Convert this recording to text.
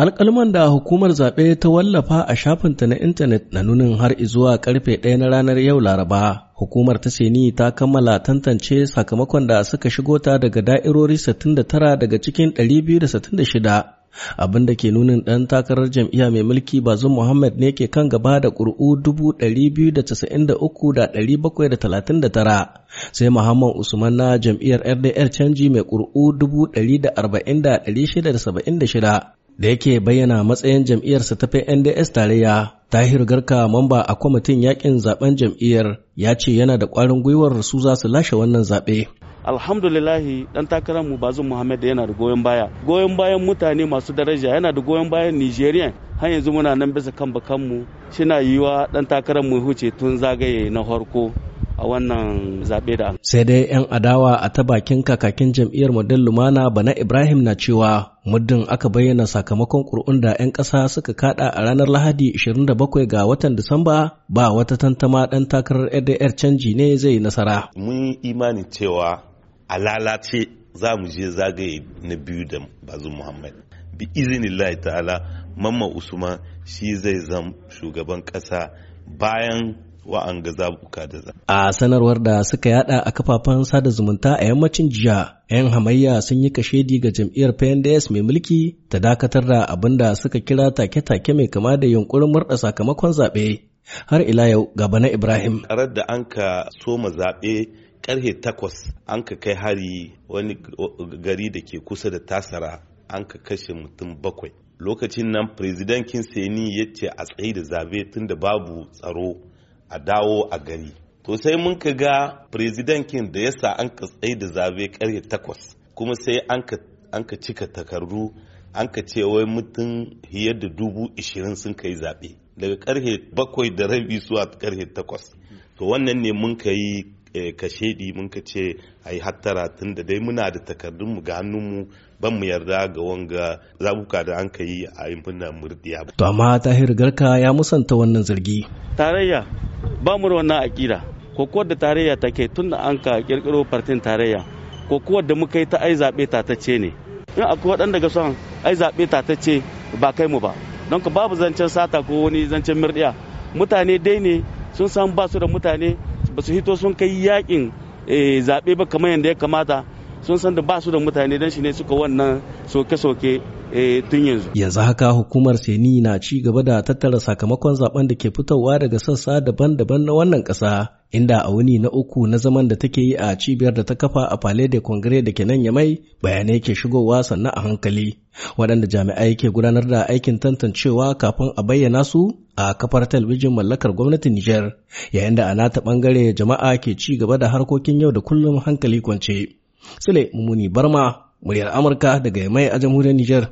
alkalman da hukumar zaɓe ta wallafa a shafinta na intanet na nunin har zuwa karfe ɗaya na ranar yau laraba hukumar ta seni ta kammala tantance sakamakon da suka shigo ta daga da'irori 69 daga cikin 266 abin da ke nunin ɗan takarar jam'iyya mai mulki bazum muhammad ne ke kan gaba da ƙuri'u 293,739 sai muhammad usman na jam'iyyar rdr canji mai ƙuri'u 140,676 da yake bayyana matsayin jam'iyyarsa ta PNDS tarayya Tahir Garka mamba a kwamitin yakin zaben jam'iyyar ya ce yana da ƙwarin gwiwar su za su lashe wannan zaɓe. alhamdulillahi dan takarar mu bazum muhammad yana da goyon baya goyon bayan mutane masu daraja yana da goyon bayan nigerian har yanzu muna nan bisa kan bakanmu shina yiwa dan takarar mu huce tun zagaye na farko a wannan zaɓe da sai dai 'yan adawa a ta bakin kakakin jam'iyyar model lumana bana ibrahim na cewa muddin aka bayyana sakamakon ƙuri'un da 'yan ƙasa suka kada a ranar lahadi 27 ga watan disamba ba wata tantama ɗan takarar ldr canji ne zai nasara mun yi imanin cewa a lalace za mu je zagaye na biyu da bazu muhammad bi izinillahi ta'ala mamma usman shi zai zama shugaban ƙasa bayan wa'anga zabuka da A sanarwar da suka yada a kafafen sada zumunta a yammacin jiya, 'yan hamayya sun yi kashedi ga jam'iyyar PNDS mai mulki ta dakatar da abin da suka kira take-take mai kama da yunkurin murɗa sakamakon zaɓe. Har ila yau gaba na Ibrahim. Tsarar da an ka soma zaɓe ƙarfe takwas an ka kai hari wani gari da ke kusa da tasara an ka kashe mutum bakwai. Lokacin nan Firizidan Kinseni ya ce a tsaye da zabe tun da babu tsaro a dawo a gari, to sai mun ka ga firizidankin da yasa an ka tsaye da zabe karye takwas kuma sai an ka cika takardu an ka ce wai mutum fiye da dubu ishirin sun kai zaɓe daga karhe bakwai da rabi zuwa karhe takwas to wannan ne mun ka yi eh, kashe di mun ka ce a yi hattara tun da dai muna da takardunmu ga hannunmu ban mu yarda ga wanga zabuka da an ka yi a yi murdiya to amma tahir garka ya musanta wannan zargi tarayya ba mu da wannan akida kuwa da tarayya take tun da an ka kirkiro partin tarayya kuwa da muka yi ta ai zaɓe tatacce ne in akwai waɗanda ga son ai zaɓe tatacce ba kai mu ba don ka babu zancen sata ko wani zancen murɗiya mutane dai ne sun san ba su da mutane ba su hito sun kai yakin eh, zaɓe ba kamar yadda ya kamata sun san da ba su da mutane don shi ne suka wannan soke-soke Eh, tun yanzu. Yanzu haka hukumar Seni na ci gaba da tattara sakamakon zaben da ke fitowa daga sassa daban-daban na wannan ƙasa. Inda a wuni na uku na zaman da take yi a cibiyar da ta kafa a Palais de Congrès da ke nan Yamai bayanai ke shigowa sannan a hankali. Waɗanda jami'ai ke gudanar da aikin tantancewa kafin a bayyana su a kafar talbijin mallakar gwamnatin Nijar, yayin da a nata ɓangare jama'a ke ci gaba da harkokin yau da kullum hankali kwance. Sule Mumuni Barma, muryar Amurka daga Yamai a jamhuriyar Nijar.